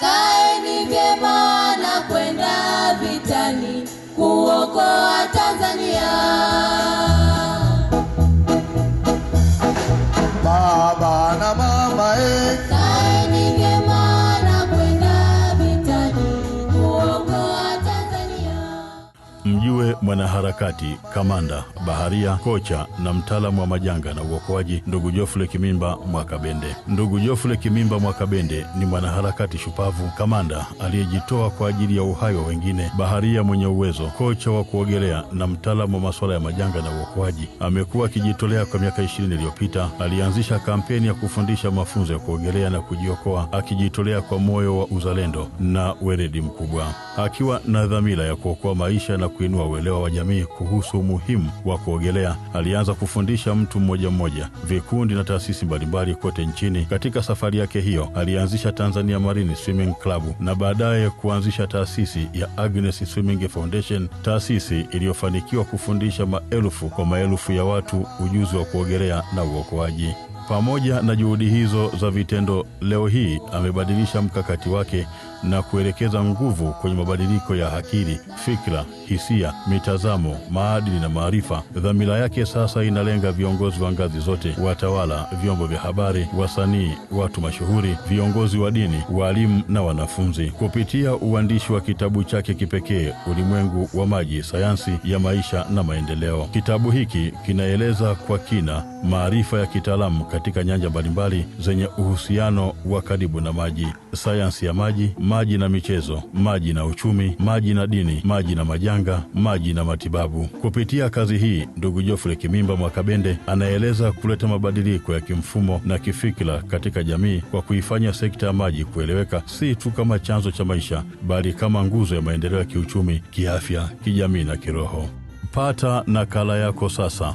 kaeni vyema wanakwenda vitani kuokoa Tanzania. Baba na mama eh. Mjue mwanaharakati, kamanda, baharia, kocha na mtaalamu wa majanga na uokoaji, ndugu Jofule Kimimba Mwakabende. Ndugu Jofule Kimimba Mwakabende ni mwanaharakati shupavu, kamanda aliyejitoa kwa ajili ya uhai wa wengine, baharia mwenye uwezo, kocha wa kuogelea na mtaalamu wa masuala ya majanga na uokoaji. Amekuwa akijitolea kwa miaka ishirini iliyopita. Alianzisha kampeni ya kufundisha mafunzo ya kuogelea na kujiokoa, akijitolea kwa moyo wa uzalendo na weredi mkubwa, akiwa na dhamira ya kuokoa maisha na na kuinua uelewa wa jamii kuhusu umuhimu wa kuogelea. Alianza kufundisha mtu mmoja mmoja, vikundi na taasisi mbalimbali kote nchini. Katika safari yake hiyo, alianzisha Tanzania Marine Swimming Club na baadaye kuanzisha taasisi ya Agnes Swimming Foundation, taasisi iliyofanikiwa kufundisha maelfu kwa maelfu ya watu ujuzi wa kuogelea na uokoaji. Pamoja na juhudi hizo za vitendo, leo hii amebadilisha mkakati wake na kuelekeza nguvu kwenye mabadiliko ya akili, fikra hisia, mitazamo, maadili na maarifa. Dhamira yake sasa inalenga viongozi wa ngazi zote, watawala, vyombo vya habari, wasanii, watu mashuhuri, viongozi wa dini, waalimu na wanafunzi. Kupitia uandishi wa kitabu chake kipekee Ulimwengu wa Maji, sayansi ya maisha na maendeleo, kitabu hiki kinaeleza kwa kina maarifa ya kitaalamu katika nyanja mbalimbali zenye uhusiano wa karibu na maji: sayansi ya maji, maji na michezo, maji na uchumi, maji na dini, maji na majanga janga, maji na matibabu. Kupitia kazi hii, ndugu Jofre Kimimba Mwakabende anaeleza kuleta mabadiliko ya kimfumo na kifikira katika jamii kwa kuifanya sekta ya maji kueleweka si tu kama chanzo cha maisha, bali kama nguzo ya maendeleo ya kiuchumi, kiafya, kijamii na kiroho. Pata nakala yako sasa.